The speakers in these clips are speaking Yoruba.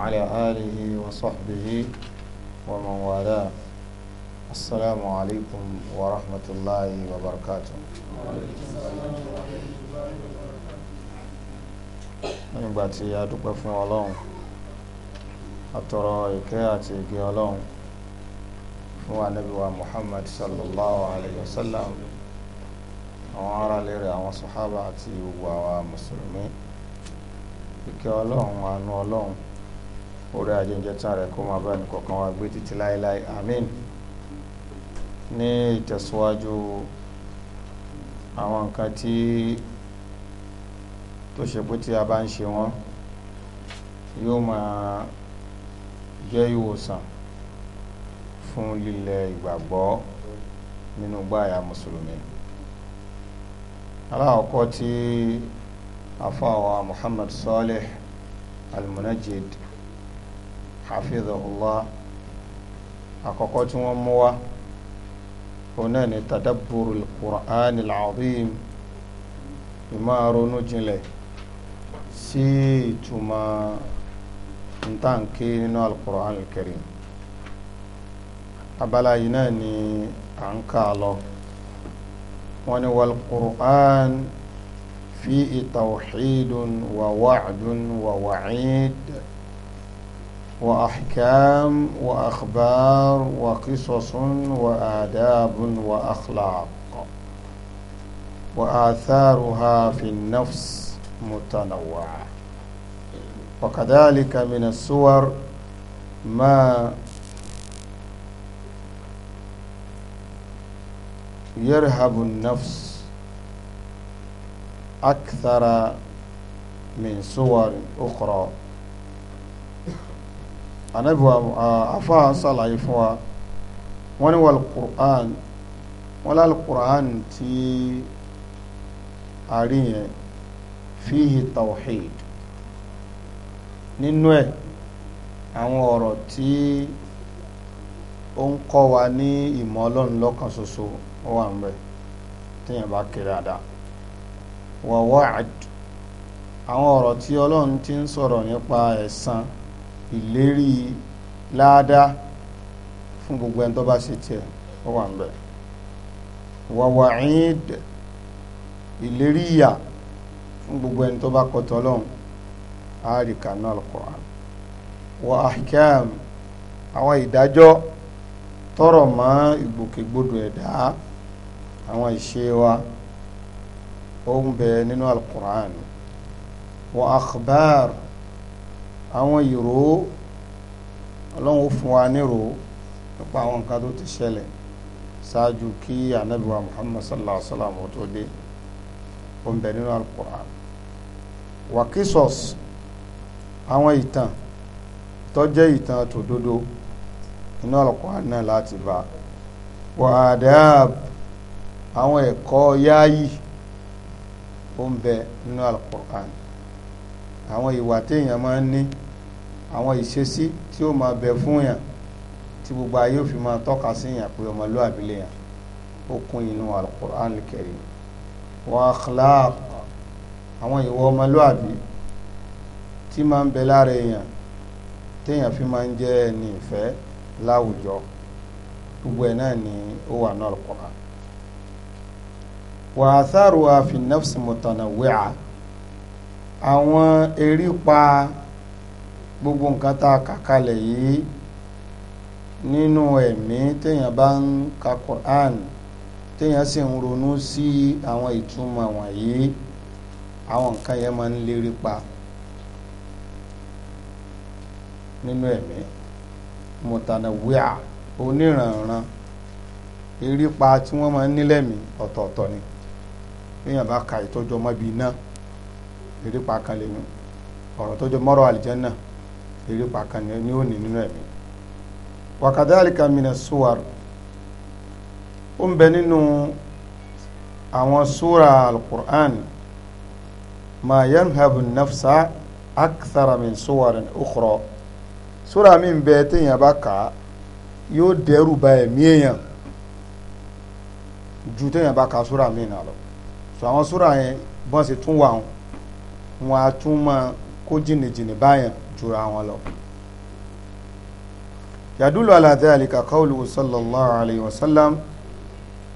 وعلى آله وصحبه ومن والاه السلام عليكم ورحمة الله وبركاته nígbà tí a dúpẹ́ fún ọlọ́run àtọ̀rọ̀ ìkẹ́ àti ìgbé ọlọ́run fún anábíwa Muhammad sallallahu alayhi wa sallam àwọn ará lérè àwọn sàhábà àti gbogbo àwa mùsùlùmí ìkẹ́ ọlọ́run àánú ọlọ́run orí ajínjẹta rẹ̀ kó máa bá ẹnìkọ̀ọ̀kan wa gbé títí láéláé àmín ní ìtẹ̀síwájú àwọn nǹkan tí tó ṣe pé tí a bá ń ṣe wọ́n yóò máa jẹ́ ìwòsàn fún lílẹ̀ ìgbàgbọ́ nínú gbáyà mùsùlùmí aláwọ̀kọ́ tí afáwà Muhammad Saleh Al-Munajid hafidhahullah àkọ́kọ́ tí wọ́n mú wá òun náà ni tadabburu al-Qur'an al-azim ìmọ̀ ronú jinlẹ̀ sí ìtumọ̀ ntànkì nínú al-Qur'an al abala yìí náà ni à ń kà lọ wọ́n ní wal-Qur'an fi tawhidun wa wa'dun wa wa'id. Wa وأحكام وأخبار وقصص وآداب وأخلاق وآثارها في النفس متنوعة وكذلك من السور ما يرهب النفس أكثر من سور أخرى anabi wa afa ṣàlàyé fún wa wọ́n ní wà alukur'an alukur'an a rí tawhid nínú ẹ̀ àwọn ọ̀rọ̀ tí ó ń wa ní ìmọ̀ ọlọ́run lọ́kàn ṣoṣo ó wà ń bẹ̀ téèyàn bá kiri ti ń sọ̀rọ̀ nípa esan. ìlérí láàdá fún gbogbo ẹni tó bá ṣe tiẹ̀ ó wà ń bẹ wàwà ìd ìlérí ìyà fún gbogbo ẹni tó bá kọtọ lọ́hùn àríkà náà al wà ahkam àwọn ìdájọ́ tọrọ mọ́ ìgbòkègbodò ẹ̀dá àwọn ìṣe wa ó ń bẹ nínú Al-Qur'an akhbar àwọn ìró ọlọ́run ó fún wa nírò nípa àwọn nǹkan tó ti ṣẹlẹ̀ ṣáájú kí ànábì muhammad sallallahu alaihi wa sallam ó tó dé ó ń bẹ nínú alukur'an wakisos àwọn ìtàn tó jẹ́ ìtàn tòdodo inú alukur'an náà láti bá wàdáàb àwọn ẹ̀kọ́ yááyì ó ń bẹ nínú alukur'an àwọn ìwà téèyàn máa ń ní àwọn ìṣesí tí ó máa bẹ fún yàn tí gbogbo ayé ò fi máa tọ́ka sí yàn pé ọmọlúwàbí lè yàn ó kún inú alukur'an karim wa akhlaq àwọn ìwà ọmọlúwàbí tí máa ń bẹ lára èèyàn téèyàn fi máa ń jẹ́ ẹni ìfẹ́ láwùjọ gbogbo ẹ̀ náà ni ó wà ní alukur'an wa atharuha fi nafsi mutanawwi'a. àwọn erípa gbogbo nǹkan tá a kà kalẹ̀ yìí nínú ẹ̀mí téèyàn bá ń ka Quran téèyàn sì ń ronú sí àwọn ìtumọ̀ wọ̀nyí àwọn nǹkan yẹn máa ń lérí pa nínú ẹ̀mí mùtànàwíà oníranran erépa kan lè ní ọ̀rọ̀ tó jọ mọ́rọ̀ àlìjẹ́nà erépa kan ni ó ní nínú ẹ̀mí wakadhalika mina suwar ó ń bẹ nínú àwọn súra alukur'an ma yanhabu nafsa akthara min suwarin ukhra súra mi ń bẹ téèyàn bá kà á yóò dẹ́rù bà ẹ̀mí èèyàn ju téèyàn bá ka súra mi nà lọ so àwọn súra yẹn bọ́n ṣe tún wà wọn wọn a tún máa kó jìnnìjìnnì báyẹn jura wọn lọ. yàdúlọ̀ aláàtẹ àlìkà kọ́ọ̀lù sallallahu alayhi wa sallam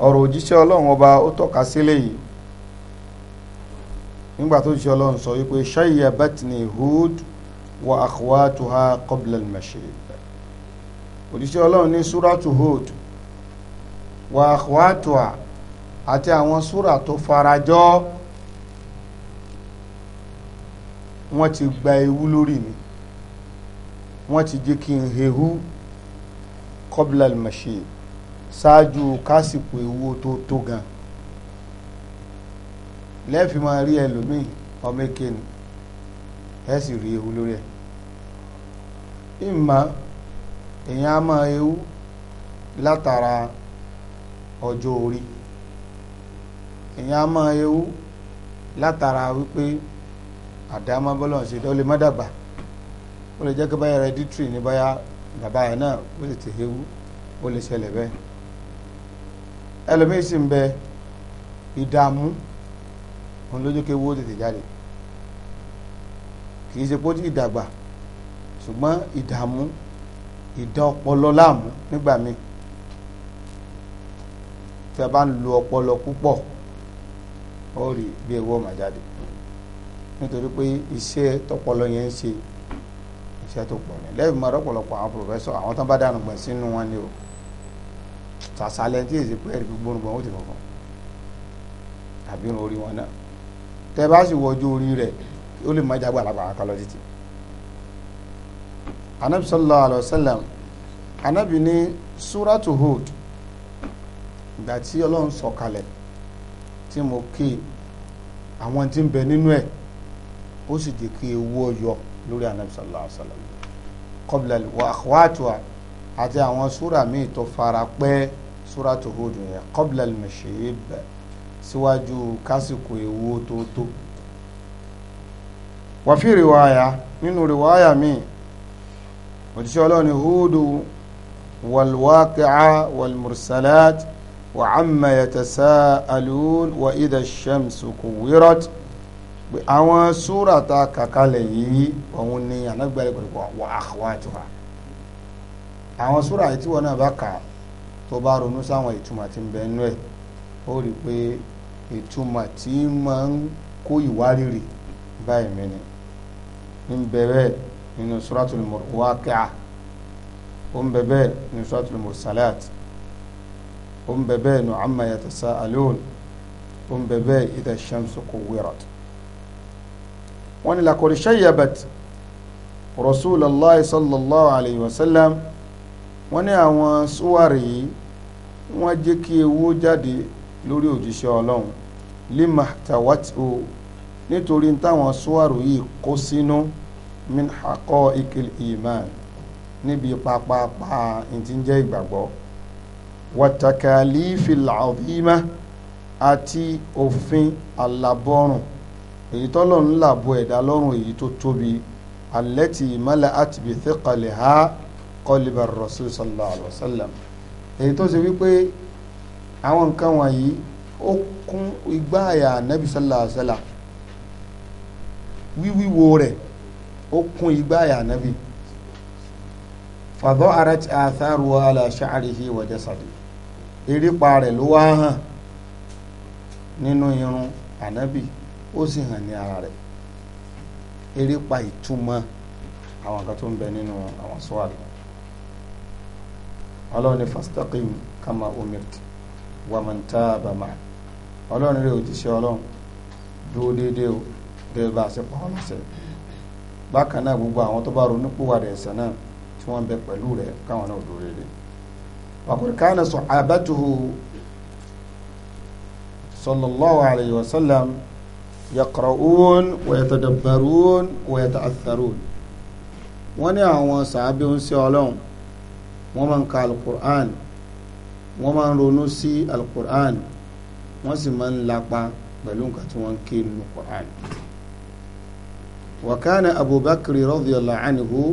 ọ̀rọ̀ òjíṣẹ́ ọlọ́run ọba ó tọ́ka sílẹ̀ yìí nígbà tó jíṣẹ́ ọlọ́run sọ wípé ṣayya batni hud wa akhwatuha qabla al-mashib òjíṣẹ́ ọlọ́run ní súrátù hud wa akhwatuha àti àwọn súrà tó farajọ́ wọ́n ti gba ewu lórí mi wọ́n ti jẹ́ kí n hehu kọ́bílà màṣe ṣáájú kásìkò ewu tó tó gan lẹ́ẹ̀fì máa rí ẹlòmíì ọmọ ni ẹ sì rí ewu lórí ẹ̀ ìmọ̀ èèyàn á máa ewu látara ọjọ́ orí èèyàn á máa ewu látara wípé àdámọ́ bọ́lọ̀ ṣe dọ́ lè má dàgbà ó lè jẹ́ kí báyà rẹ dítìrì ní báyà bàbá yẹn náà ó lè tètè ewu ó lè ṣẹlẹ̀ bẹ́ẹ̀ ẹlòmíì sì ń bẹ ìdààmú òun lójú kí ewu tètè jáde kì í ṣe pé ìdàgbà ṣùgbọ́n ìdààmú ìdá ọpọlọ láàmú nígbà míì tí a bá ń lo ọpọlọ púpọ̀ ó rí bí ewu ó jáde nítorí pé iṣẹ́ tọpọlọ yẹn ń ṣe iṣẹ́ tó pọ̀ ní lẹ́yìn mọ́ ọ̀pọ̀lọpọ̀ àwọn pòfẹ́sọ̀ àwọn tán bá dànù gbọ̀n sínú wọn ni o sàṣàlẹ̀ tí èsì pé ẹ̀rí gbogbo gbọ̀n ó ti fọ̀fọ̀ tàbí irun orí wọn náà tẹ́ bá sì wọjú orí rẹ̀ ó lè má jágbà lápá àkọlọ títì anabi sallallahu alayhi sallam anabi ní suratu Hud ìgbà tí ọlọ́run sọ̀kalẹ̀ tí mo kí àwọn tí ń bẹ nínú ẹ̀ ó sì jẹ́ kí ewu ọyọ lórí anabi sallallahu alayhi wa sallam qabla wa akhwatuha àti àwọn súra míì tó fara pẹ́ súra tó Hud yẹn qabla al-mashib síwájú kásìkò ewu tó tó wà fi riwaya nínú riwaya míì òjíṣẹ́ ọlọ́ni Hud wal-waqi'a wal-mursalat wa amma yatasa'alun wa idha ash pé àwọn súrà tá a kà kalẹ̀ yìí òun ni ànágbẹ́rẹ́ pẹ̀lú wà akhwatuha àwọn súrà yìí tí wọn náà bá kà tó bá ronú sáwọn ìtumọ̀ tí ń bẹ nú ẹ̀ ó rí i pé ìtumọ̀ tí máa ń kó ìwárìrì báyìí mi ni ń bẹ bẹ́ẹ̀ nínú suratul Waqi'ah ó ń bẹ bẹ́ẹ̀ nínú suratul Mursalat ó ń bẹ bẹ́ẹ̀ nínú amma yatasa'alun ó ń bẹ bẹ́ẹ̀ idha shamsu kuwirat wọ́n ní lakọ̀rí ṣayyabat rasulallah sallallahu alayhi wa sallam wọ́n ní àwọn súwárì yìí wọ́n jẹ́ kí ewu jáde lórí òjíṣẹ́ ọlọ́run lima tawatu nítorí táwọn súwárì yìí kó sínú min haqa'iqil iman níbi pápápá ìtí ìgbàgbọ́ wàtàkàlífìl azima àti òfin alábọ́rùn èyí tọ́lọ̀ ń làbọ ẹ̀dá lọ́rùn èyí tó tóbi alẹ́tì ìmọ̀lẹ̀ àtìbí tẹ́kọ̀lẹ̀ ha kọ́líbà rasul sallallahu alayhi wa sallam èyí tó ṣe wípé àwọn nǹkan wọ̀nyí ó kún igbá àyà anabi sallallahu alayhi wa sallam wíwíwo rẹ̀ ó kún igbá àyà anabi fàdọ́ arat àtàrù ala sha'rihi wa jasadi erípa rẹ̀ ló wá hàn nínú irun anabi ó sì hàn ní ara rẹ̀ eré pa ìtumọ̀ àwọn kan tó ń bẹ nínú àwọn sọ́ọ̀rì ọlọ́run ní fastaqim kama umirt wa man taaba ma'a ọlọ́run rẹ̀ òjíṣẹ́ ọlọ́run dúró déédéé o gẹ́gẹ́ bá a ṣe pa ọ́ lọ́sẹ̀ bákan náà gbogbo àwọn tó bá ronú pòwàdà náà tí wọ́n bẹ pẹ̀lú rẹ̀ káwọn náà dúró déédéé wàkùrù káàna sọ àbẹ́tuhu sallallahu alayhi wa sallam yaqra'un wa yatadabbarun wa yata'atharun wọ́n ní àwọn sàábí ń ṣe ọlọ́run wọ́n máa ń ka alukur'an wọ́n máa ń ronú sí alukur'an wọ́n sì máa ń lapa pẹ̀lú nǹkan tí wọ́n ń ké nínú kur'an. wa abubakar radiyallahu anhu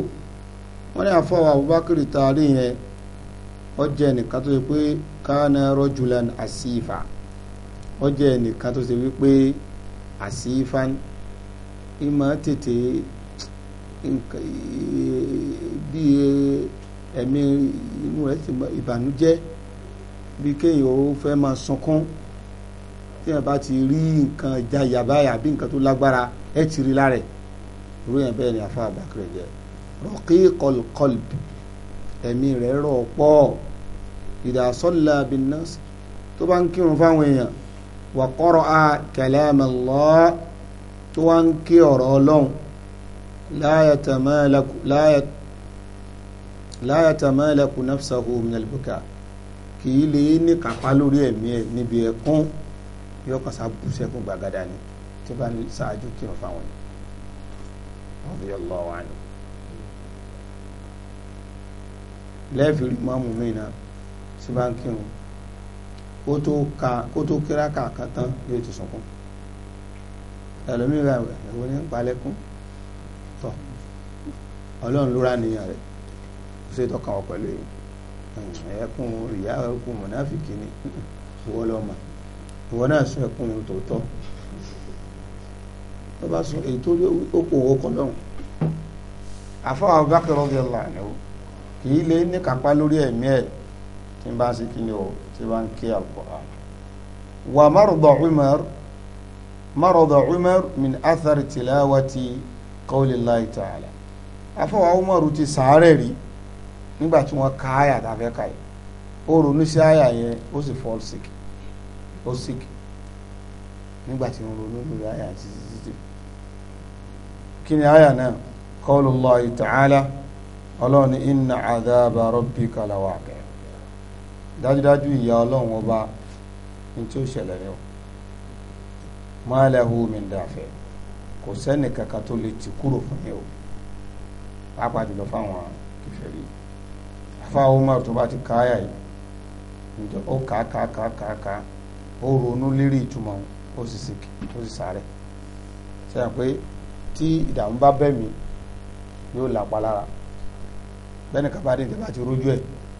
wọ́n ní àfọwọ́ abubakar taari yẹn ó jẹ́ ẹnìkan tó ṣe pé kana rajulan asifa ó jẹ́ ẹnìkan tó ṣe wípé àsífán ìmọ̀ tètè bí ẹ̀mí inú rẹ̀ ti ìbànújẹ́ bí kéèyàn ó fẹ́ máa sunkún tí ẹ bá ti rí nǹkan ìjayà báyà àbí nǹkan tó lágbára ẹ ti rí lára ẹ̀ irú yẹn bẹ́ẹ̀ ni àfa àbákẹ́rẹ́ jẹ́ rọ̀kí kọlùkọlù ẹ̀mí rẹ̀ rọ̀ pọ̀ ìdásọ́lá bínáṣì tó bá ń kírun fáwọn èèyàn wa qara'a kalam Allah tó wá ń kí ọ̀rọ̀ ọlọ́run la yatamalaku nafsahu minal buka kì í lè ní kápá lórí ẹ̀mí ẹ̀ níbi ẹ̀kún yóò kàn sá bú sẹ́kún gbàgádà ni tó bá ṣáájú kírun fáwọn yìí radiyallahu anhu lẹ́ẹ̀fì mọ́mù mí náà sí bá ń kírun kó ka kó tó kíra kà kàn tán yóò ti sọkún ẹlòmíràn ẹ̀wọ̀n ní palẹ̀kùn tọ̀ ọlọ́run lóra nìyàn rẹ̀ kò sí tọkàn ọ pẹ̀lú èyí ẹkún ìyá ẹkún mọ̀náfìkì ni ìwọ lọ́mọ ìwọ náà sún ẹkún tòótọ́ tó bá sún èyí tó okòwò kan lọ́hùn àfọwọ́ Abubakar radiyallahu anhu kì í lé ní kápá lórí ẹ̀mí ẹ̀ tí ń bá ṣe kí ni o tí wọ́n kí al-Qur'an wa marada Umar marada Umar min athari tilawati qawlillahi ta'ala afọwọ́ Umar ti sàárẹ̀ rí nígbà tí wọ́n ka àyà tàfẹ́ ka yìí ó ronú sí àyà yẹn ó sì fall sick ó sick nígbà tí wọ́n ronú lórí àyà títí títí kí ni àyà náà qawlullahi ta'ala ọlọ́run inna adhaba rabbika lawaqi dájúdájú ìyá ọlọ́run ọba ní tí ó ṣẹlẹ̀ rẹ̀ o ma lahu min dafi kò sẹ́ni kankan tó lè ti kúrò fún yẹn o pàápàá jùlọ fáwọn kèfèrí afáwọn Umar tó bá ti káyà yìí ǹjẹ́ ó kà á kà á kà á kà á ó ronú lérí ìtumọ̀ ó sì sìkì ó sì sáré sẹ́yìn pé tí ìdààmú bá bẹ̀ mí yóò làpá lára bẹ́ẹ̀ ni kábàdé ìjọba ti rójú ẹ̀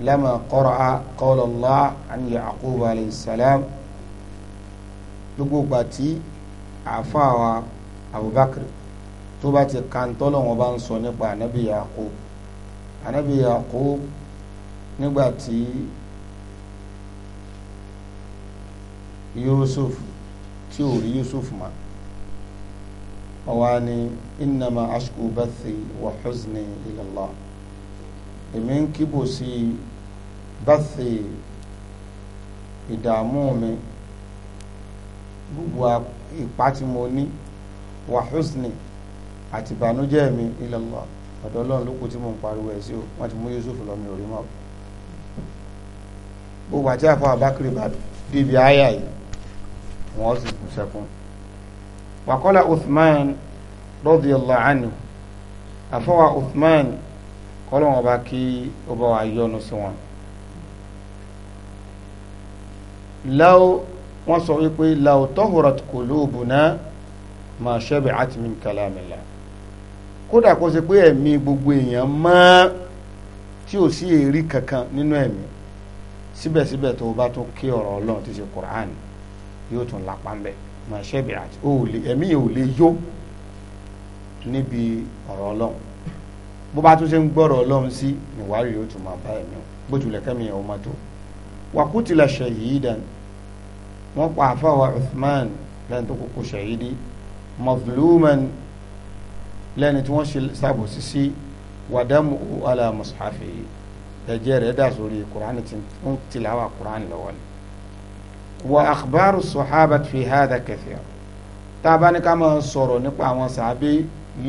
لما قرأ قول الله عن يعقوب عليه السلام gbogbo àti àfàwà abubakar tó bá ti kan tọ́lọ̀ wọn bá ń sọ nípa anabi Yaqub anabi Yaqub nígbà tí yusuf tí ò rí yusuf ma ọ̀wá ni innama ashku bathi wa huzni ilallah èmi ń kíbò sí báṣe ìdààmú mi gbogbo ipá tí mo ní wàhúsìnì àti ìbànújẹ́ mi ilallah ọ̀dọ̀ ọlọ́run ló kù tí mo ń pariwo ẹ̀ sí o wọ́n ti mú Yusuf lọ mi ò rí mọ́ gbogbo àti àfọ àbákiri bá bíbi àyà yìí wọ́n sì kù sẹ́kùn wàkọ́lá Uthman radiyallahu anhu àfọwà Uthman kọ́lọ́n ọba kí ó bá wa yọ́nú sí wọn. láwo wọ́n sọ wípé láwo tọ́hùrọ̀ kò lóòbù náà máa ṣẹ́bẹ̀ àti mi kàlámìlà kódà kó ṣe pé ẹ̀mí gbogbo èèyàn mọ́ tí ò sí èrí kankan nínú ẹ̀mí síbẹ̀síbẹ̀ tó o bá tún kí ọ̀rọ̀ ọlọ́run ti ṣe kùránì yóò tún lápá ńbẹ máa ṣẹ́bẹ̀ àti ẹ̀mí yẹn lè yó níbi ọ̀rọ̀ ọlọ́run bó bá tún ṣe ń gbọ́rọ̀ ọlọ́run sí ìwárí yóò tún máa bá ẹ̀mí o bó tilẹ̀ kẹ́mi ẹ̀ ọmọ tó wàkútìlà shahidan wọ́n pa àfáwà Uthman lẹ́ni tó kúkú shahidi mazluman lẹ́ni tí wọ́n ṣe sábòsí sí wàdàmù ala mushafi ẹ̀jẹ̀ rẹ̀ dà sórí kùránì tí ń tìlàwà kùránì lọ́wọ́ ni wa akhbaru sahabat fi hada kathira tá máa sọ̀rọ̀ nípa àwọn sàábé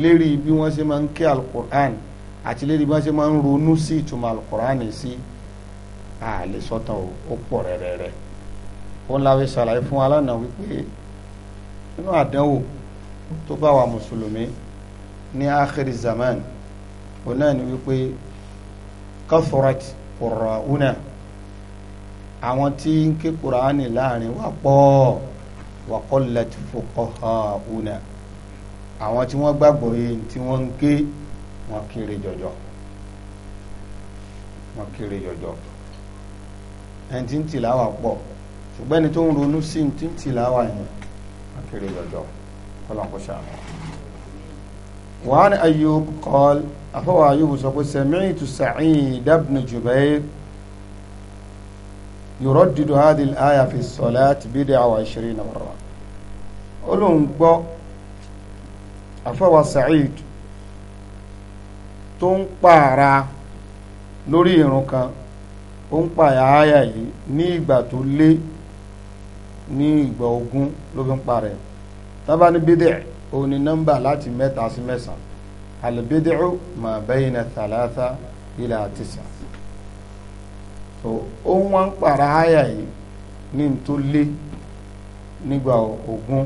lérí bí wọ́n ṣe máa ń kí alukur'an àti lérí bí wọ́n ṣe máa ń ronú sí ìtumọ̀ alukurani sí àlè sọ́tàn o ó pọ̀ rẹ́rẹ́rẹ́ ó láwé ṣàlàyé fún wa lánàá wípé nínú àdánwò tó bá wa mùsùlùmí ní ákìrì zaman òun náà ni wípé kathurat qurrauna àwọn tí ń ké kuraani láàrin wa pọ̀ wa qollat fuqahauna àwọn tí wọ́n gbàgbọ́ yìí tí wọ́n ń ké wọ́n kéré jọjọ wọ́n kéré jọjọ ẹni tí ń tìláwà pọ̀ ṣùgbọ́n ẹni tó ń ronú sí ní tí ń tìláwà yẹn wọ́n kéré jọjọ kọ́lọ́n kó ṣàánú. وعن أيوب قال أفوى أيوب سقول سمعت سعيد بن جبير يردد هذه الآية في الصلاة بدع وعشرين مرة أولون بو أفوى سعيد tó ń pààrà lórí ìrun kan ó ń pààyà àyà yìí ní ìgbà tó lé ní ìgbà ogún ló fi ń parẹ́ tábà ní bídẹ̀ òun ni nọ́mbà láti mẹ́ta sí mẹ́sàn-án àlùbídẹ̀ẹ́ mà bẹ́yìn tàlátà ilà àtìsà so ó ń wọ́n ń pààrà àyà yìí ní tó lé nígbà ogún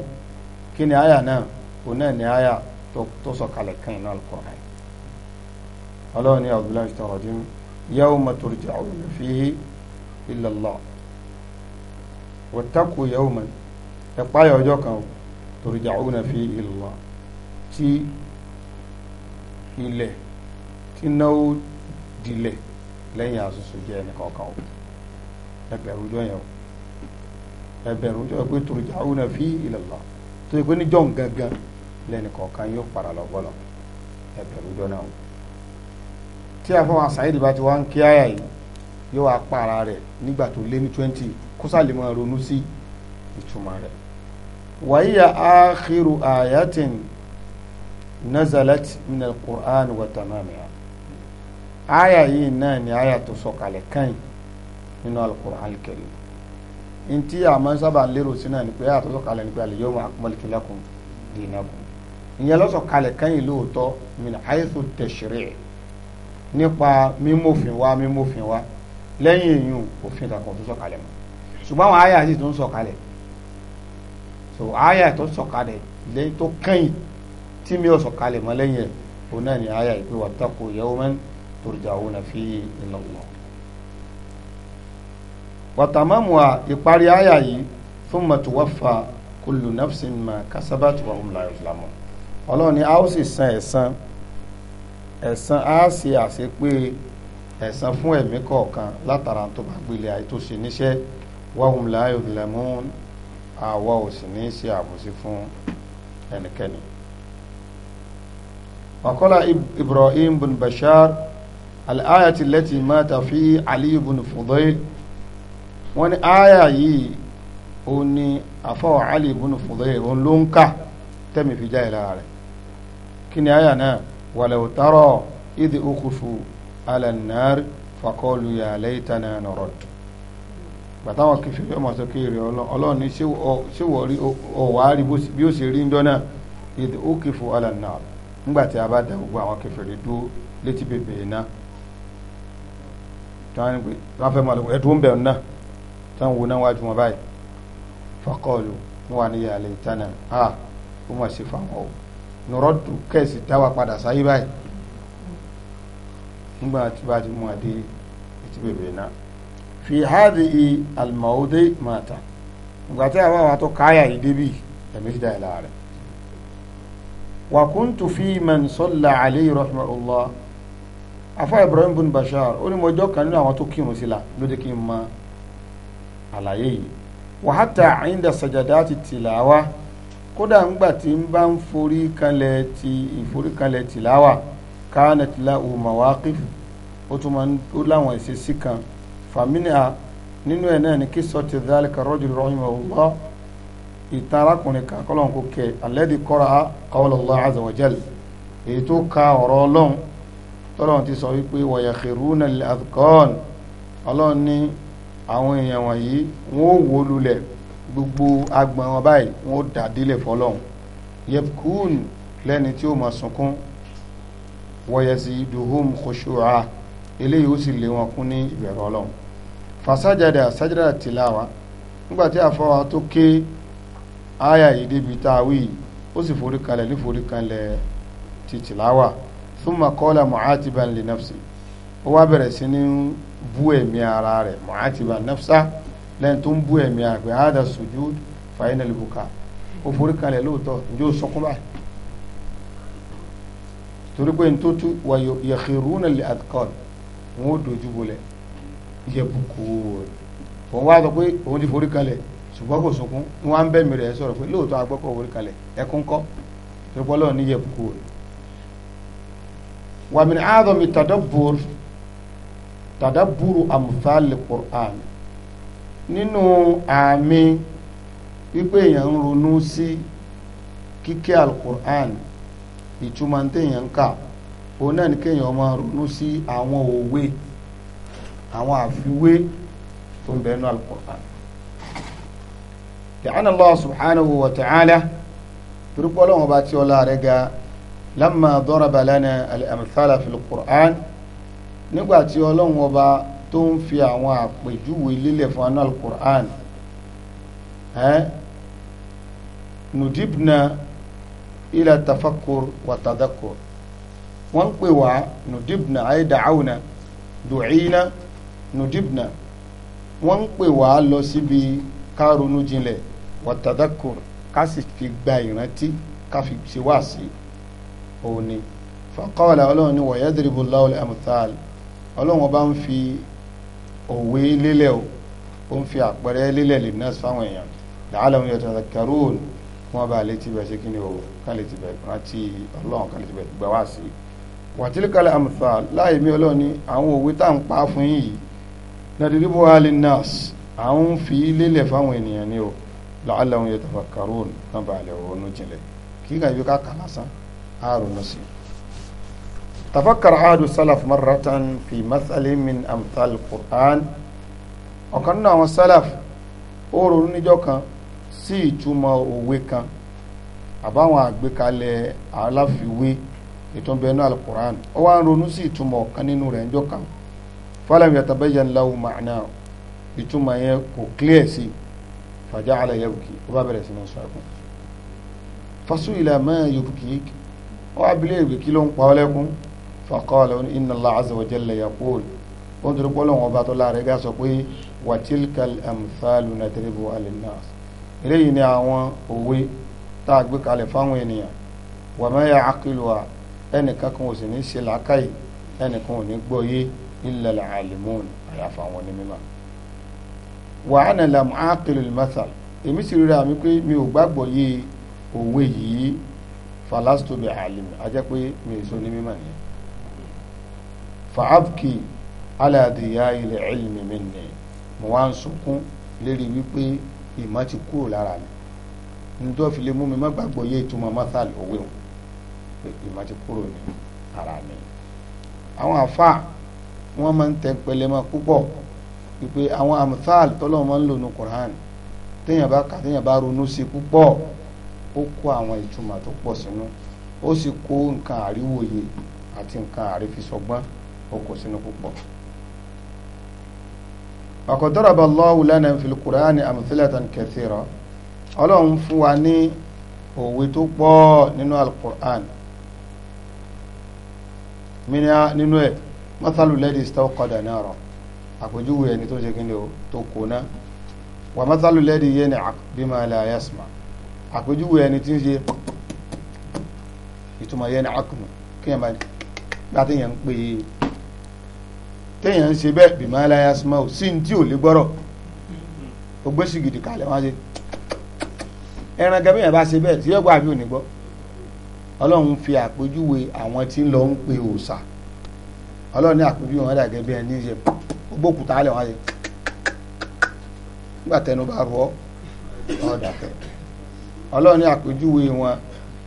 kí ni àyà náà òun náà ni àyà tó sọ̀kalẹ̀ kan iná Al-Qur'an ọlọ́run ní àwùjọ láti tọrọ dín yawma turja'una fihi illa Allah wattaqu yawman ẹ páyà ọjọ́ kan turja'una fihi illa Allah tí ilẹ̀ tí náwó dilẹ̀ lẹ́yìn àṣoṣo jẹ́ ẹnìkan kan ẹgbẹ̀rún ọjọ́ yẹn o ẹbẹ̀rún jọ pé turja'una fi ila Allah tó yẹ pé níjọ́ gangan lẹ́nu kọ̀ọ̀kan yóò para lọ́gbọ́lọ́ ẹbẹ̀rún jọ náà tí àfọwọ́n Saidi bá ti wá ń kí àyà yìí yóò wá pa ara rẹ̀ nígbà tó lé ní twenty kó sá lè máa ronú sí ìtumọ̀ rẹ̀. wàyíyà áàkìrù àyàtìn nazalat minal Qur'an wa tamamiha àyà yìí náà ni àyà tó sọ̀kalẹ̀ kàn nínú al-Qur'an ntí àmọ́ sábà lérò sí náà ni pé àyà tó sọ̀kalẹ̀ ni pé al-yawma akmaltu lakum dinakum ìyẹn ló sọ̀kalẹ̀ kàn yìí lóòótọ́ min haythu tashri' nípa mímòfin wá mímòfin wá lẹ́yìn èyàn òfin kankan tó sọ̀kalẹ̀ mọ́ ṣùgbọ́n àwọn àyà sì tó ń sọ̀kalẹ̀ so àyà tó sọ̀kalẹ̀ lẹ́yìn tó kẹ́yìn tí mi ò sọ̀kalẹ̀ mọ́ lẹ́yìn ẹ̀ òun náà ni àyà ìpè wattaqu yawman turja'una fihi ila Allah. wa tamamuha ìparí àyà yìí thumma tuwaffa kullu nafsin ma kasabat wa hum la yuzlamun ọlọ́run ni a ó sì san ẹ̀san ẹ̀san á ṣe àṣepé ẹ̀san fún ẹ̀mí kọ̀ọ̀kan látara tó bá gbélé ayé tó ṣe níṣẹ́ wahum la yudlamun àwa ò sì ní ṣe àbòsí fún ẹnikẹ́ni. wàkọ́lá Ibrahim bin Bashar al-ayati allati mata fi Ali bin Fudayl wọ́n ní aya yìí ó ní àfọwọ́ Ali bin Fudayl òun ló ń kà tẹ́mi fi jáde lára rẹ̀ kí ni aya náà. ولو ترى إذ أخفوا على النار فقالوا يا ليتنا نرد bàtàwọn kìí fífẹ́ ọmọ sókè rẹ̀ ọlọ́run ní ṣéwọ̀ rí ọ̀wárí bí ó ṣe rí ń dọ́nà ìdí ó kìí fún alànà nígbàtí a bá dá gbogbo àwọn kèfèrí dúró létí bèbè iná wọ́n fẹ́ máa lọ ẹ̀dùn ń bẹ̀rù náà tán wo náà wájú wọn báyìí faqalu wọn wà ní ya laytana ó mà ṣe fáwọn o nùrọ́dù kẹ́sì dáwà padà sáyé báyìí nígbà tí bá ti mú adé etí bèbè náà fi hádi i alimọ̀ọ́dé màtà ìgbà tí àwọn àwọn tó káyà yìí débì ẹ̀mí fi dáyà láàrẹ̀ wà kúntù fi man sọ́là alayhi rahmatullah afa ibrahim bin bashar ó ní mọjọ́ kan nínú àwọn tó kírun sí la lóde kí n mọ àlàyé yìí wà hátà àyíndà sàjàdá ti tìlàwá kódà ńgbà tí ń bá ń forí kanlẹ̀ ti ìforí kanlẹ̀ tìláwà kanat lahu mawaqif ó tún máa ń ó láwọn ìṣesí kan fàmínà nínú ẹ̀ náà ni kí sọ́tì dhalika rajul rahimahullah ìtàn arákùnrin kan kọ́lọ́n kò kẹ́ alladhi qara'a qawla Allah azza wa jal èyí tó ka ọ̀rọ̀ ọlọ́run tọ́lọ́run ti sọ wípé wa yakhiruna lil adhqan ọlọ́run ní àwọn èèyàn wọ̀nyí wọ́n ó lulẹ̀ gbogbo agbọ̀n wọn báyìí wọn ó dà dílé fọlọ́hún yẹbkún lẹ́ni tí ó máa sunkún wọ̀yẹ̀sì ìdùhùn kòṣùrà eléyìí ó sì lé wọn kún ní ìbẹ̀rù ọlọ́hún fasajada sajada tìláwa nígbàtí àfọwà tó ké àyà yìí débi tá a wí ó sì forí kalẹ̀ ní forí kalẹ̀ ti tìláwa thumma qala mu'atiban li nafsi ó wá bẹ̀rẹ̀ sí ní bú ẹ̀mí ara rẹ̀ mu'atiban nafsa lẹ́yìn tó ń bú ẹ̀mí àgbẹ̀ àádà sujud fàyínà lùbùkà ó forí kalẹ̀ lóòótọ́ ǹjẹ́ ó sọkún báyìí torí pé ní tó tú wà yakhiruna lil adqan wọn ó dojú bolẹ̀ yẹ bùkù òun wá sọ pé òun ti forí kalẹ̀ ṣùgbọ́n kò sunkún ní wọ́n á ń bẹ̀mí rẹ̀ sọ̀rọ̀ pé lóòótọ́ agbọ́kọ̀ forí ẹkún kọ́ torí pé ọlọ́run ní yẹ bùkù òun wa min aadami tadabbur tadabburu amthal qur'an nínú àmì wípé èèyàn ń ronú sí kíkẹ́ alukur'an ìtumọ̀ téèyàn ń kà òun náà ni kéèyàn máa ronú sí àwọn òwe àwọn àfiwé tó ń bẹnu alukur'an lẹ́yìn Allah subhanahu wa ta'ala turukọ́ lọ́wọ́ bá tí ọlá rẹ̀ ga lamma daraba lana al-amthala fil qur'an nígbà tí ọlọ́run ọba tó ń fi àwọn àpèjúwe lélẹ̀ fún anú al-Qur'an nùdíbìnà ila tafakkur wa tadakkur wọ́n pè wá nùdíbìnà ayé dàáwùnà dùcínà nùdíbìnà wọ́n pè wá lọ síbi ká ronú jinlẹ̀ wa tadakkur ká sì fi gba ìrántí ká fi ṣe wá sí òun ni faqala ọlọ́run ni wa yadribu Allahu ọlọ́run ọba ń fi òwe lélẹ̀ o ó ń fi àpẹẹrẹ lélẹ̀ lè nọ́ọ̀sì fáwọn èèyàn làálàmù yẹn tọ́ta kẹrún wọn bá létí bẹ́ẹ̀ ṣe kí ni o ká létí bẹ́ẹ̀ rántí ọlọ́run ká létí bẹ́ẹ̀ gbà wá sí i wàtílíkàlẹ̀ àmùfà láì mí ọlọ́run ni àwọn òwe tá à ń pa fún yìí nàdìríbò alẹ́ nọ́ọ̀sì àwọn fi lélẹ̀ fáwọn ènìyàn ni o làálàmù yẹn tọ́ta kẹrún wọn bá lè ronú jinlẹ̀ kí kàyọ́ ká kà lásán á ronú sí i. تفكر عاد السلف مرة في مثل من أمثال القرآن ọ̀kan nínú àwọn sálàf ó ronú níjọ́ kan sí ìtumọ̀ òwe kan àbáwọn àgbékalẹ̀ aláfiwé ìtọ́bẹ̀ẹ́nú alukoran ó wá ń ronú sí ìtumọ̀ ọ̀kan nínú rẹ̀ níjọ́ kan falam yatabayyan lahu ma'na ìtumọ̀ yẹn kò clear sí faja'ala yabki ó bá bẹ̀rẹ̀ sí ní sọ ẹkún fasu'ila ma yubkik ó wá bilé ìwé kí ló ń pa ọ́ lẹ́kún faqala inna Allah azza wa jalla yaqul ó dúró pọ́ lọ́wọ́n ọba tó láàrẹ̀ gá sọ pé wa tilkal amthalu nadribu alinnas eléyìí ni àwọn òwe tá a gbé kalẹ̀ fáwọn ènìyàn wa ma ya'qiluha ẹnìkan kan ò sì ní ṣe làákàyè ẹnìkan ò ní gbọ́ yé illa al-alimun àyàfà àwọn onímọ̀ wa ana lam aqilu al-mathal èmi sì mi pé mi ò gbàgbọ́ yé òwe yìí falastu bi alim ajẹ́ pé mi ò sọ ní mímọ̀ fàábùkì aládìyá ilẹ̀ ilmi minni mo wá ń sunkún lérí wípé ìmọ̀ ti kúrò lára mi nítorí mú mi má gbàgbọ́ yé ìtumọ̀ òwe o ìmọ̀ ti kúrò ní ara mi àwọn wọn máa ń tẹ pẹlẹmọ púpọ̀ wípé àwọn amthal tọ́lọ́ máa ń lò ní téèyàn bá kà téèyàn bá ronú sí ó kó sínú púpọ̀. Wa qadaraba Allahu lana fil Qur'ani amthilatan kathira ọlọ́run fún wa ní òwe tó pọ̀ nínú al-Qur'an mìíràn nínú ẹ̀ mathalu alladhi istawqada nara àpèjúwe ẹni tó ṣe kí tó kó ná wa mathalu alladhi yan'a bima la yasma àpèjúwe ẹni tí ń ṣe ìtumọ̀ yẹn ni akùnù kí ẹ̀ máa gbá tí yẹn téèyàn ń ṣe bẹ́ẹ̀ bìmọ̀ aláya súnmọ́ ò sí ní tí ò lè gbọ́rọ̀ ó gbé sìgìdì kalẹ̀ wọ́n ṣe ẹran gẹ́gẹ́ bẹ́ẹ̀ bá ṣe bẹ́ẹ̀ tí àbí ò fi àpèjúwe àwọn tí ń lọ ń pe òòṣà ọlọ́run ní àpèjúwe wọn dàgẹ́ bí ẹni ṣe ó gbókùtà alẹ̀ wọn ṣe nígbà tẹnu bá rọ ọ̀dà tẹ ọlọ́run ní àpèjúwe wọn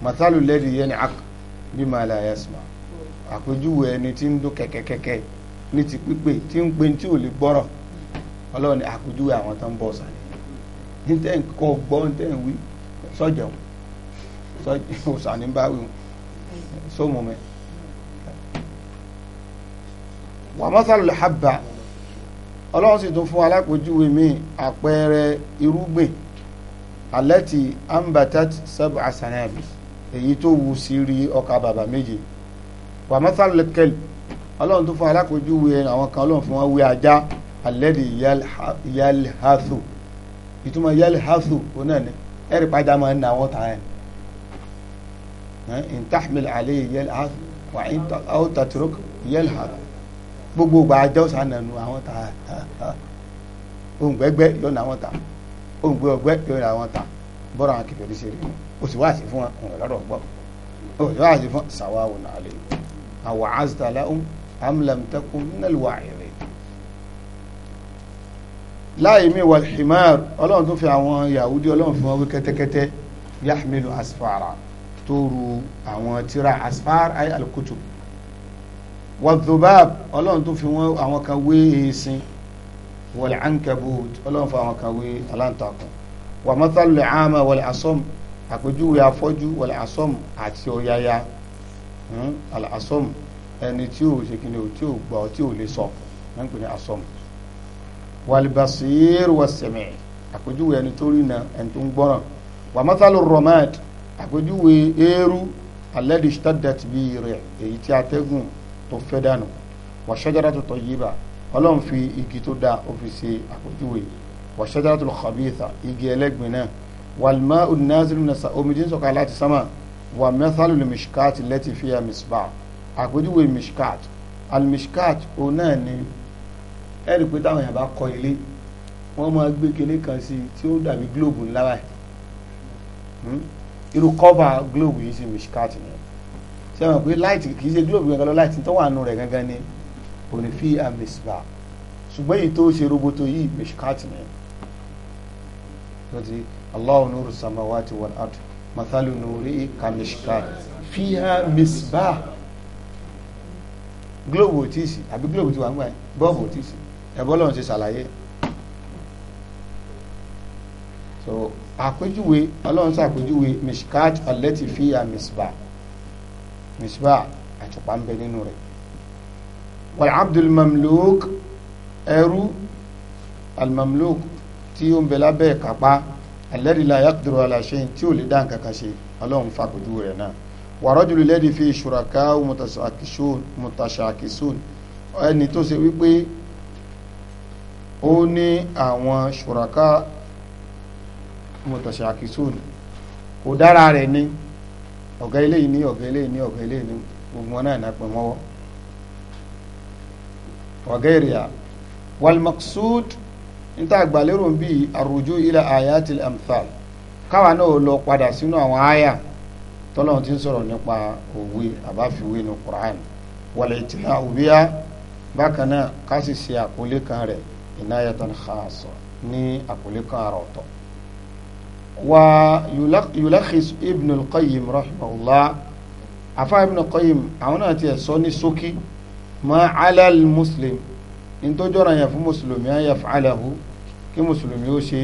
màtálù ni ní ti pípé tí ń pe tí ò lè gbọ́rọ̀ ọlọ́run ni àpèjúwe àwọn tó ń bọ̀ sàn ní tẹ́ ń kọ́ gbọ́ ní tẹ́ ń wí sọ́jẹ̀wò sọ́jẹ̀wò sàn ní bá wí sómo mẹ́. wà mọ́sálù lè hábà ọlọ́run sì tún fún alápèjúwe mi àpẹẹrẹ irúgbìn alẹ́ ti ambatat sub asanabi èyí tó wù sí rí ọkà bàbà méje wà mọ́sálù lè kẹ́lì ọlọ́run tó fún alákòójúwe àwọn kan ọlọ́run fún wọn wé ajá alẹ́dì yalhathu ìtumọ̀ yalhathu òun náà ni ẹ̀rì pàjá máa ń na àwọn tàn án in tahmil alayhi yalhathu wà in aw tatruk yalhathu gbogbo ìgbà ajá ọ̀sán nànú àwọn tàn án ohun gbẹgbẹ yóò na àwọn tàn ohun gbẹ ọgbẹ yóò na àwọn tàn bọ́rọ̀ àwọn kìfẹ́ ṣe rí o sì wáàsí fún wọn lọ́rọ̀ gbọ́ o sì wáàsí fún sàwáwò nàálẹ̀ àwọn àzìtàlá ohun am lam takun minal wa'irin láì mi wal himar ọlọ́run tó fi àwọn yahudi ọlọ́run fi wọn wí kẹ́tẹ́kẹ́tẹ́ yahmilu asfara tó ru àwọn tírà asfar ay al-kutub wadhubab ọlọ́run tó fi wọn àwọn kan wé esin wal ankabut ọlọ́run fi àwọn kan wé aláǹtakùn wa mathalu ama wal asom àpèjúwe afọ́jú wal asom àti ọ̀yàyà al asom. Hmm? ẹni tí ò ṣe kíni o tí ò gbọ́ tí ò lè sọ wọn ń pè ní asọmù walibasir wasẹmẹ àpèjúwe ẹni tó rí na ẹni tó ń gbọ́ràn wàmátàlú romad àpèjúwe eérú alẹ́dí stadat bí rẹ̀ èyí tí atẹ́gùn tó fẹ́ dànù wàṣẹ́jára tó tọ́yíba ọlọ́run fi igi tó da ó fi ṣe àpèjúwe wàṣẹ́jára tó khabitha igi ẹlẹ́gbin náà wàlmá onínáàzìrì nasa omi tí láti sámà wàmátàlú lèmíṣkáàtì lẹ́tì fíà misbah àpèjúwe mishkat almishkat òun náà ni ẹ rí i pé táwọn èèyàn bá kọ́ ilé wọ́n máa gbé kinní kan sí tí ó dàbí globe ńlá báyìí hmm? irú kọ́bà globe yìí sí mishkat ni ṣé wọn pé light kì í ṣe globe gangan lọ light tó wà nù rẹ̀ gangan ni òní fi àmìsbà ṣùgbọ́n èyí tó ṣe roboto yìí mishkat ni lọ́tí Allahu nuru samawati wal ard mathalu nuri ka mishkat fiha misbah globe ò tí ì sí àbí globe ti wà ń gbà bọ́ọ̀bù ò ẹ̀bọ́ lọ́run ti ṣàlàyé so àpèjúwe ọlọ́run ṣàpèjúwe mishkat allati fiya misbah misbah àtùpà ń bẹ nínú rẹ̀ wal abdul mamluk ẹrú almamluk tí ó ń bẹ lábẹ́ ìkápá alladhi la yaqdiru ala shay'in tí ò lè dá nǹkan kan ṣe ọlọ́run fàpèjúwe rẹ̀ náà wàrọ́jùlù lẹ́dí fi ṣùràká mùtàṣàkìsùn ẹni tó ṣe wípé ó ní àwọn ṣùràká mùtàṣàkìsùn kò dára rẹ̀ ní ọ̀gá ilé yìí ní ọ̀gá ilé yìí ní ọ̀gá ilé yìí ní gbogbo náà náà pẹ̀ mọ́wọ́ walmaksud ní tá bí àrùjú ila ayatil amthal káwa náà lọ padà sínú àwọn àyà tọ́lọ́run ti ń sọ̀rọ̀ nípa òwe àbáfiwé ní Qur'an wàlẹ̀ ìtìlá òbíà bákan náà ká sì ṣe àkọlé kan rẹ̀ inayatan khassa ní àkọlé kan ara ọ̀tọ̀. wa yulakhis ibn al-qayyim rahimahullah afa ibn al-qayyim àwọn náà ti ẹ̀ sọ ní ṣókí ma ala al-muslim nítòjọ́ra yẹn fún mùsùlùmí an yaf'alahu kí mùsùlùmí ó ṣe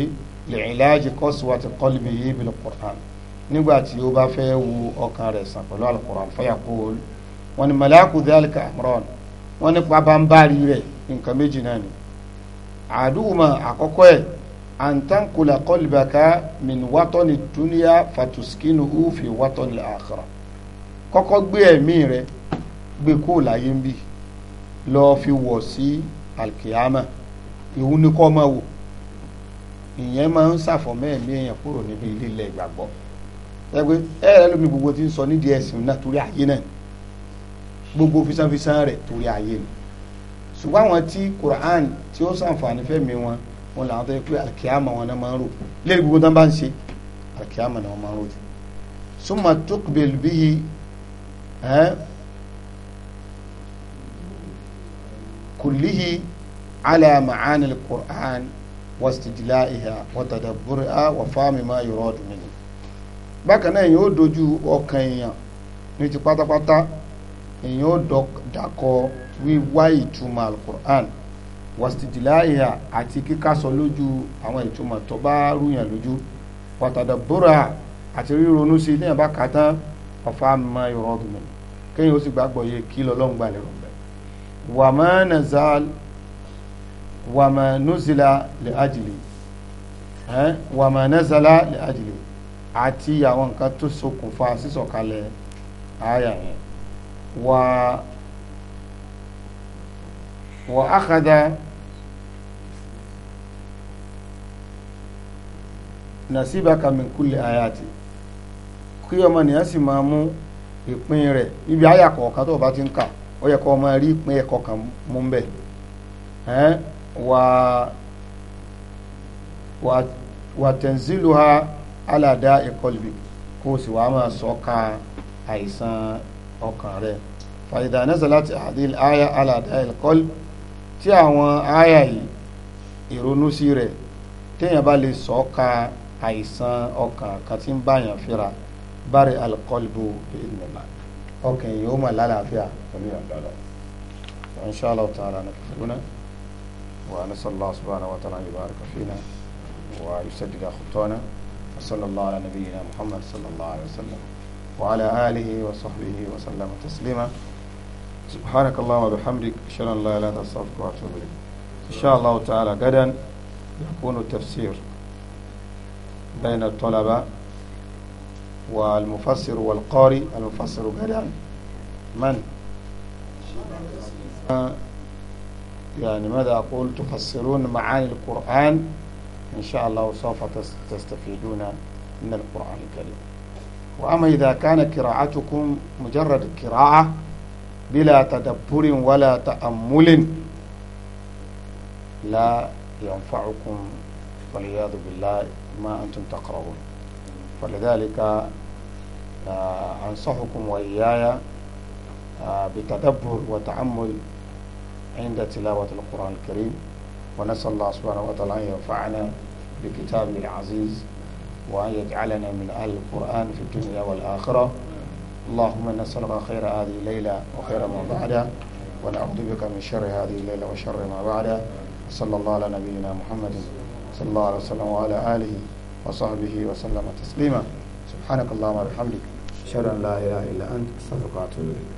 li'ilaj qaswati qalbihi bil Qur'an nígbà tí ó bá fẹ́ wo ọkàn rẹ̀ sàn pẹ̀lú alukoran fayaqul wọn ni malaku dhalika amran wọn ní pabambari rẹ̀ nǹkan méjì náà ni àdúgbò àkọ́kọ́ ẹ̀ àǹtàǹkulà qalbaka min watoni dunya fatuskinu fi watoni akhirah kọ́kọ́ gbé ẹ̀mí rẹ̀ gbé kó láyé ń bì lọ́ọ́ fi wọ̀ sí alkiyama ìwúnikọ́ máa wò ìyẹn máa ń ṣàfọ̀mọ́ ẹ̀mí kúrò níbi ilé ilẹ̀ ìgbàgbọ́ ẹgbẹ́ ẹ̀rẹ́ lómi gbogbo ti ń sọ nídìí ẹ̀sìn náà torí ayé náà gbogbo fisanfisan rẹ̀ torí ayé ni ṣùgbọ́n àwọn tí Qur'an tí ó ṣàǹfààní fẹ́mi wọn wọn làwọn tó yẹ pé alikiyama wọn náà máa ń rò lẹ́yìn gbogbo tó ń bá ń ṣe alikiyama náà wọn máa ń rò jù summa tuqbil bihi kullihi ala ma'anil Qur'an wastidla'iha wa tadabburiha wa fahmi ma yuradu minhu bákan náà èyàn ó dojú ọkàn èèyàn ní ti pátápátá èyàn ó dàkọ wíwá ìtumọ̀ alukur'an wàsídìláyà àti kíkásọ lójú àwọn ìtumọ̀ tó bá rúyàn lójú pàtàdà búra àti ríronú sí ilé ìbá kàtán ọ̀fà mọ ìrọ̀ ọ̀dùnmọ̀ kéèyàn ó sì gbàgbọ́ yé kí lọ́lọ́run gbà lérò àti àwọn nǹkan tó ṣokùnfà sísọ̀kalẹ̀ àyà yẹn wà wà ákàdá nasibaka min kulli ayati kí ọmọ nìyẹn sì máa mú ìpín rẹ̀ níbi àyà kọ̀ọ̀kan tó o bá ti ń kà ó yẹ kó o rí ìpín ẹ̀kọ́ kan mú ń bẹ̀ wà wà ha. aládá ìkọlùbì kó o sì wá máa sọ́ka àìsàn ọkàn rẹ̀ fàyídà nẹ́sẹ̀ láti àdìl àyà aládá ìkọlùbì tí àwọn àyà yìí ìrònú sí rẹ̀ téèyàn bá lè sọ́ka àìsàn ọkàn kan tí ń báyàn fíra bari alkọlùbù ìdìnnà ọkàn yìí ó mà lálàáfíà pẹ̀lú ìyàndọ́lọ́ inshallah ta'ala nakfuna ونسأل الله سبحانه وتعالى أن يبارك فينا ويسدد خطانا وصلى الله على نبينا محمد صلى الله عليه وسلم وعلى آله وصحبه وسلم تسليما سبحانك اللهم وبحمدك أشهد أن لا إله إلا أنت أستغفرك وأتوب إليك إن شاء الله تعالى غدا يكون التفسير بين الطلبة والمفسر والقارئ المفسر غدا من؟ يعني ماذا أقول تفسرون معاني القرآن إن شاء الله سوف تستفيدون من القرآن الكريم وأما إذا كان قراءتكم مجرد قراءة بلا تدبر ولا تأمل لا ينفعكم والعياذ بالله ما أنتم تقرؤون فلذلك آه، أنصحكم وإياي آه، بتدبر وتأمل عند تلاوة القرآن الكريم ونسأل الله سبحانه وتعالى أن ينفعنا بكتابه العزيز وأن يجعلنا من أهل القرآن في الدنيا والآخرة اللهم نسألك خير هذه الليلة وخير ما بعدها ونعوذ بك من شر هذه الليلة وشر ما بعدها صلى الله على نبينا محمد صلى الله عليه وسلم وعلى آله وصحبه وسلم تسليما سبحانك اللهم وبحمدك أشهد أن لا إله إلا أنت أستغفرك وأتوب إليك